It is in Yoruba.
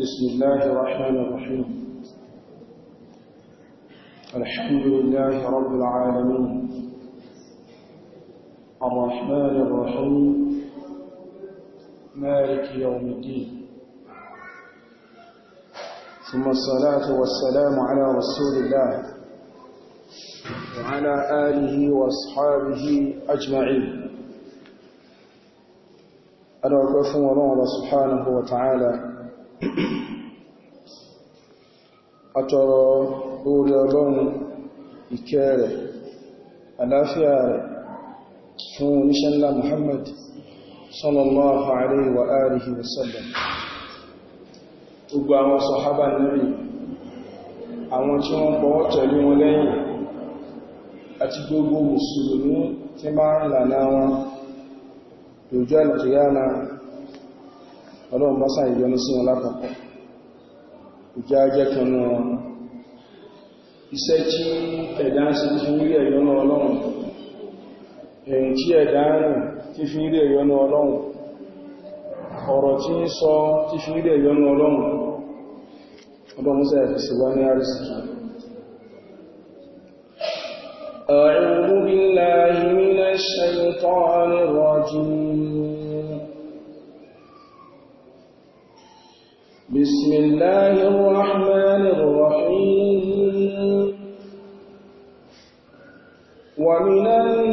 بسم الله الرحمن الرحيم الحمد لله رب العالمين الرحمن الرحيم مالك يوم الدين ثم الصلاة والسلام على رسول الله وعلى آله وأصحابه أجمعين أنا أدعوكم الله سبحانه وتعالى àtọ̀rọ̀ orí ọlọ́run ìkẹ́ ikere àláfíà rẹ̀ fún oníṣẹ́ ńlá Muhammad sallallahu alaihi wa alihi wa sallam gbogbo àwọn sọ̀hábà Nábì àwọn tí wọ́n pọ̀wọ́ tẹ̀lé wọn lẹ́yìn àti gbogbo mùsùlùmí tí máa ń lànà wọn lójú àlùkìyàmá ọlọ́run bá sáà ìyọnú sí wọn lápapọ̀ ìjẹ́ ajẹ́ kan ní wọn iṣẹ́ tí ẹ̀dá ń ṣe fífún rí ẹ̀yọnú ọlọ́run ẹ̀yìn tí ẹ̀dá ń rìn fífún rí ẹ̀yọnú ọlọ́run ọ̀rọ̀ tí ń sọ fífún rí ẹ̀yọnú ọlọ́run ọlọ́run sẹ́ ẹ̀fẹ̀sẹ̀ wá ní àrísìkí أعوذ بالله من الشيطان الرجيم بسم الله الرحمن الرحيم ومن